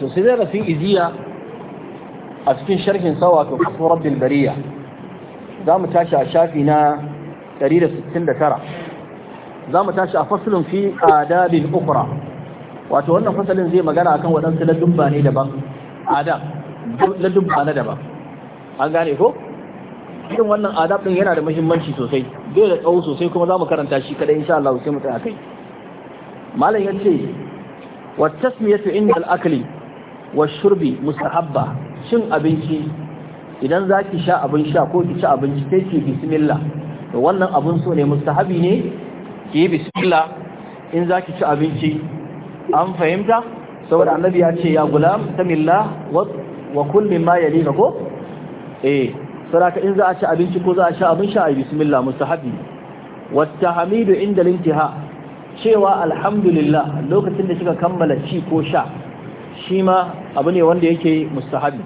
so sai da rafin iziya a cikin sharhin sa wato kasu rabbil bariya za mu tashi a shafi na 169 za mu tashi a fasulun fi adabin ukura wato wannan fasalin zai magana akan waɗansu dubba ne daban adab ladubba na daban an gane ko irin wannan adab din yana da muhimmanci sosai zai da tsawo sosai kuma za mu karanta shi kada insha Allah sai mu tsaya kai malam yace wa tasmiyatu inda al-akli wa shurbi mustahabba cin abinci idan zaki sha abin sha ko ki ci abinci sai ki bismillah to wannan abin so ne mustahabi ne ki yi bismillah in zaki ci abinci an fahimta saboda annabi ya ce ya gulam tamillah wa kul mimma yalika ko eh saraka in za a ci abinci ko za a sha abin sha ai bismillah mustahabi wa tahmidu inda lintiha cewa alhamdulillah lokacin da kika kammala ci ko sha shi ma abu ne wanda yake mustahabi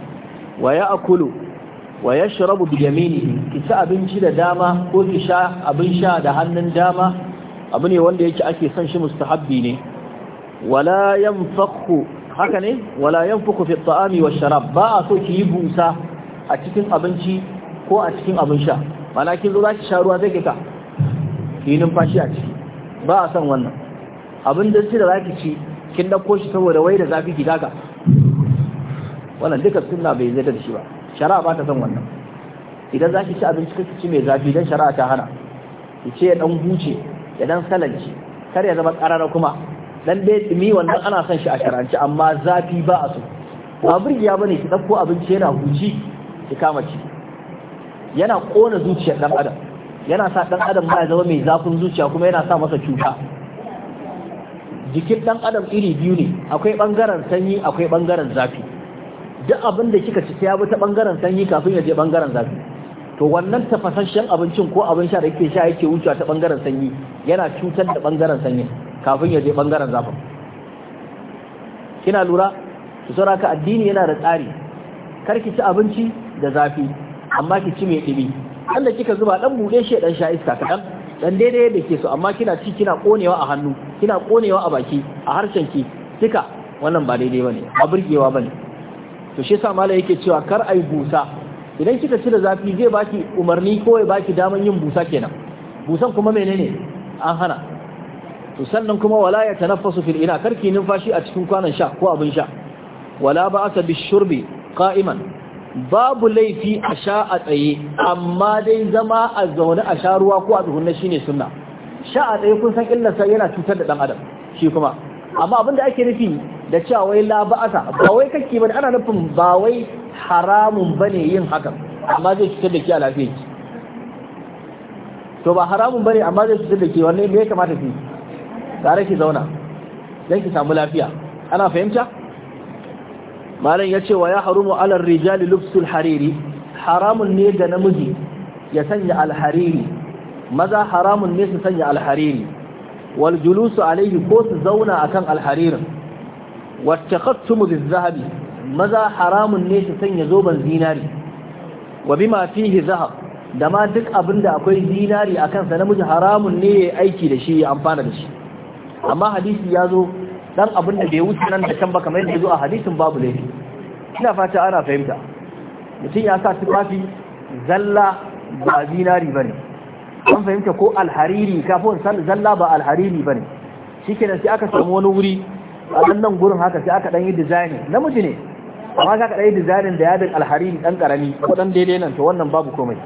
wa ya akulu wa ya shirabu da yamini ki ci abinci da dama ko ki sha abin sha da hannun dama abu ne wanda yake ake son shi mustahabbi ne wala Fakku, haka ne wala Fakku fi ta'ami wa sharab ba a so ki yi busa a cikin abinci ko a cikin abin sha mana kin zo za ki sha ruwa zai kika ki numfashi a ciki ba a son wannan abin da ci da za ki ci kin dauko shi saboda wai da zafi ki ga wannan duka sunna bai zai da shi ba shari'a ba ta san wannan idan zaki ci abinci kake ci mai zafi dan shari'a ta hana ki ce dan huce ya dan salanci kar ya zama karara kuma dan dai tsimi wannan ana son shi a shari'anci amma zafi ba a so ba burgiya bane ki dauko abinci yana huci ki kama ci yana kona zuciyar dan adam yana sa dan adam ba ya zama mai zafin zuciya kuma yana sa masa cuta jikin ɗan adam iri biyu ne akwai ɓangaren sanyi akwai ɓangaren zafi duk abin da kika ci ya bi ta ɓangaren sanyi kafin ya je ɓangaren zafi to wannan tafasasshen abincin ko abin sha da kike sha yake wucewa ta ɓangaren sanyi yana cutar da ɓangaren sanyi kafin ya je ɓangaren zafi. kina lura su ka addini yana da tsari kar ki ci abinci da zafi amma ki ci mai ɗumi Allah kika zuba ɗan buɗe shi ɗan sha iska kaɗan dan daidai da ke su amma kina ci kina konewa a hannu kina konewa a baki a harshen ki duka wannan ba daidai bane ba burgewa bane to shi yasa malai yake cewa kar ai busa idan kika ci da zafi zai baki umarni ko ya baki daman yin busa kenan busan kuma menene an hana to sannan kuma wala ya tanaffasu fil ina karki numfashi a cikin kwanan sha ko abin sha wala ba'asa bishurbi qa'iman babu laifi a sha a tsaye amma dai zama a zaune a sha ruwa ko a shi shine sunna sha a tsaye kun san illarsa yana cutar da ɗan adam shi kuma amma abinda ake nufi da cewa wai la ba wai kake bane ana nufin ba wai haramun bane yin hakan amma zai cutar da ke a lafiyar ki to ba haramun bane amma zai cutar da ke wanne me ya kamata ki tare ki zauna don ki samu lafiya ana fahimta malam yace wa ya harumu ala rijali lubsul hariri haramun ne ga namiji ya sanya alhariri maza haramun ne su sanya alhariri wal julusu alaihi ko su zauna akan alharirin wattakhattumu bizahabi maza haramun ne su sanya zoban zinari wa bima fihi zahab da ma duk abinda akwai zinari akan sa namiji haramun ne ya aiki da shi ya amfana da shi amma hadisi ya zo dan abin da bai wuce nan da can ba kamar yadda zo a hadisin babu laifi ina fata ana fahimta mutum ya sa tufafi zalla ba zinari bane an fahimta ko alhariri kafin san zalla ba alhariri bane shikenan sai aka samu wani wuri a nan gurin haka sai aka dan yi Na namiji ne amma ka kadai dizayin da yadin alhariri dan karami ko dan daidai nan to wannan babu komai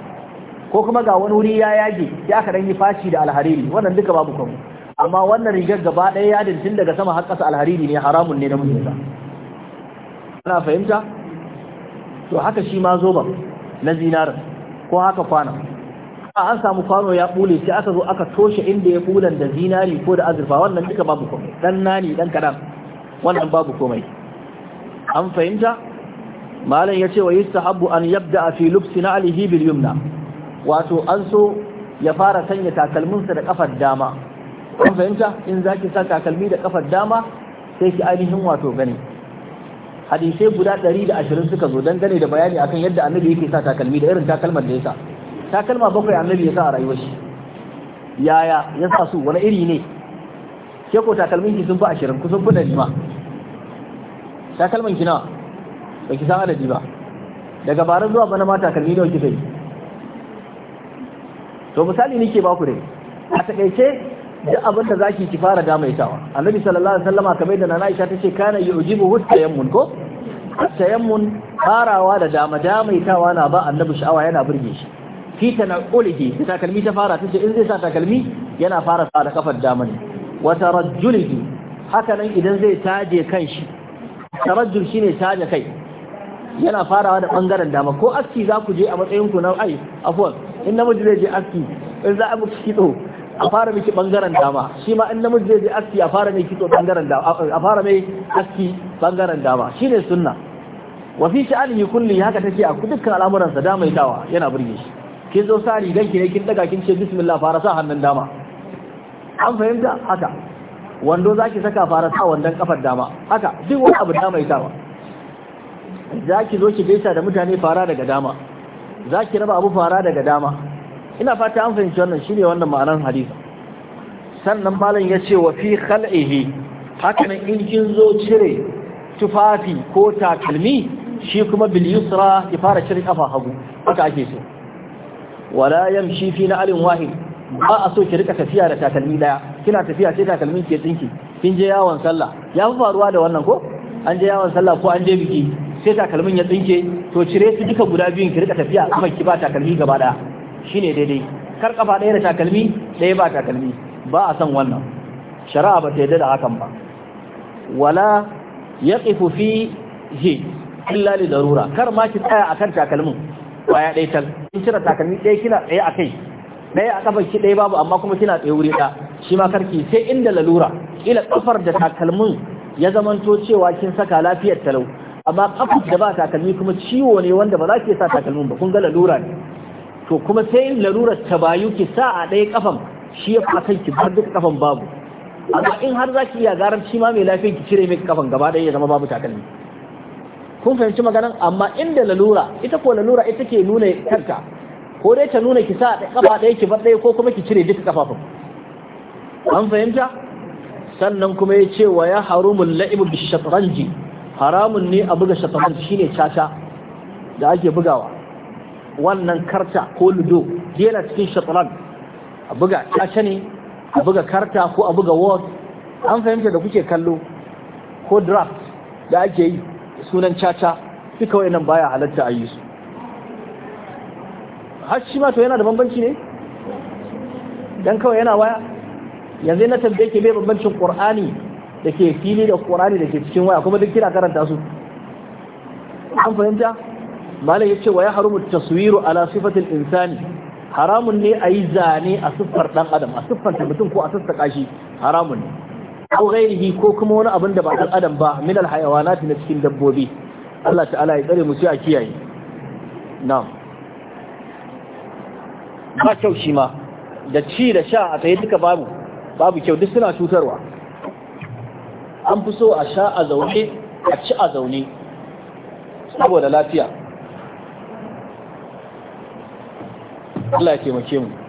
ko kuma ga wani wuri ya yage sai aka dan yi fashi da alhariri wannan duka babu komai amma wannan rigar gaba ɗaya yadin tun daga sama har ƙasa alhariri ne haramun ne na mutunta ana fahimta to haka shi ma zoban na zinarin ko haka kwano a an samu kwano ya bule sai aka zo aka toshe inda ya bulan da zinari ko da azurfa wannan duka babu komai dan nani dan kadan wannan babu komai an fahimta malam ya ce wa yustahabbu an yabda fi lubsi na'lihi bil yumna wato an so ya fara sanya takalminsa da kafar dama kun fahimta in zaki sa takalmi da kafar dama sai ki ainihin wato gani hadisai guda 120 suka zo dangane da bayani akan yadda annabi yake sa takalmi da irin takalmar da ya sa takalma bakwai annabi ya sa a rayuwar shi yaya ya sa su wani iri ne ke ko takalmin ki sun fi 20 kusan fi da jima? takalman ki nawa ba ki san adadi ba daga bara zuwa bana ma takalmi nawa kika yi to misali nake baku dai a takaice duk abin da zaki ki fara damaitawa annabi sallallahu alaihi wasallama kamar da nana Aisha tace kana yujibu hutayammun ko tayammun farawa da dama damaitawa na ba annabi sha'awa yana burge shi fi tanaqulihi da takalmi ta fara tace in zai sa takalmi yana fara sa da kafar dama ne wa tarajjulihi haka nan idan zai taje kanshi tarajjul shine taje kai yana farawa da bangaren dama ko aski za ku je a matsayin ku na ai afwan in namiji zai je aski in za a muku kitso a fara miki bangaren dama shi ma in namiji zai je aski a fara mai kitso bangaren dama a fara mai aski bangaren dama shine sunna wa fi alihi kulli haka take a dukkan al'amuran sa dama dawa yana burge shi kin zo sa rigan ki ne kin daga kin ce bismillah fara sa hannun dama an fahimta haka wando zaki saka fara sa wandon kafar dama haka duk wani abu dama dawa zaki zo ki gaisa da mutane fara daga dama zaki raba abu fara daga dama ina fata an fahimci wannan shine wannan ma'anar hadisi sannan malam ya ce wa fi khal'ihi hakanan in kin zo cire tufafi ko takalmi shi kuma bil yusra ya fara cire kafa hagu haka ake so wala yamshi fi na'alin wahid ba a so ki rika tafiya da takalmi daya kina tafiya sai takalmin ke tsinki kin je yawon sallah ya fi faruwa da wannan ko an je yawon sallah ko an je biki sai takalmin ya tsinke to cire su duka guda biyun ki rika tafiya kuma ki ba takalmi gaba daya shine daidai kar kafa ɗaya da takalmi ɗaya ba takalmi ba a san wannan shari'a ba ta yadda da hakan ba wala yaqifu fihi illa li darura kar ma ki tsaya a akan takalmin ya ɗaya tal in cire takalmi ɗaya kina ɗaya a akai ɗaya a kafar ki ɗaya babu amma kuma kina tsaye wuri ɗaya shi ma karki sai inda lalura ila kafar da takalmin ya zamanto cewa kin saka lafiyar talau amma ƙafar da ba takalmi kuma ciwo ne wanda ba za ki sa takalmin ba kun ga lalura ne to kuma sai larurar ta bayu ki sa a ɗaya kafan shi ya fatan ki har duk kafan babu amma in har zaki iya garan shi ma mai lafiyar ki cire mai kafan gaba ɗaya ya zama babu takalmi kun fahimci maganar amma inda lalura ita ko lalura ita ke nuna kanta ko dai ta nuna ki sa kafa ɗaya ki bar ɗaya ko kuma ki cire duk kafafun an fahimta sannan kuma ya ce wa ya harumun la'ibu bi shatranji haramun ne a buga shatranji shine caca da ake bugawa wannan karta ko ludo yana cikin shatran a buga kashe ne a buga karta ko a buga word an fahimta da kuke kallo ko draft da ake yi sunan caca kawai nan baya halatta a yi su har ma to yana da bambanci ne dan kawai yana waya yanzu na tambaye ke mai bambancin qur'ani da ke fili da qur'ani da ke cikin waya kuma duk kina karanta su an fahimta malam ce wa harumu taswiru ala insani haramun ne a yi zane a siffar dan adam a siffanta mutum ko a sassaka shi haramun ne aw ghairihi ko kuma wani abin da ba dan adam ba min al hayawanat na cikin dabbobi Allah ta'ala ya tsare mu sai a kiyaye Na. ba kyau shi ma da ci da sha a tsaye duka babu babu kyau duk suna cutarwa an fi so a sha a zaune a ci a zaune saboda lafiya Allah ya taimake mu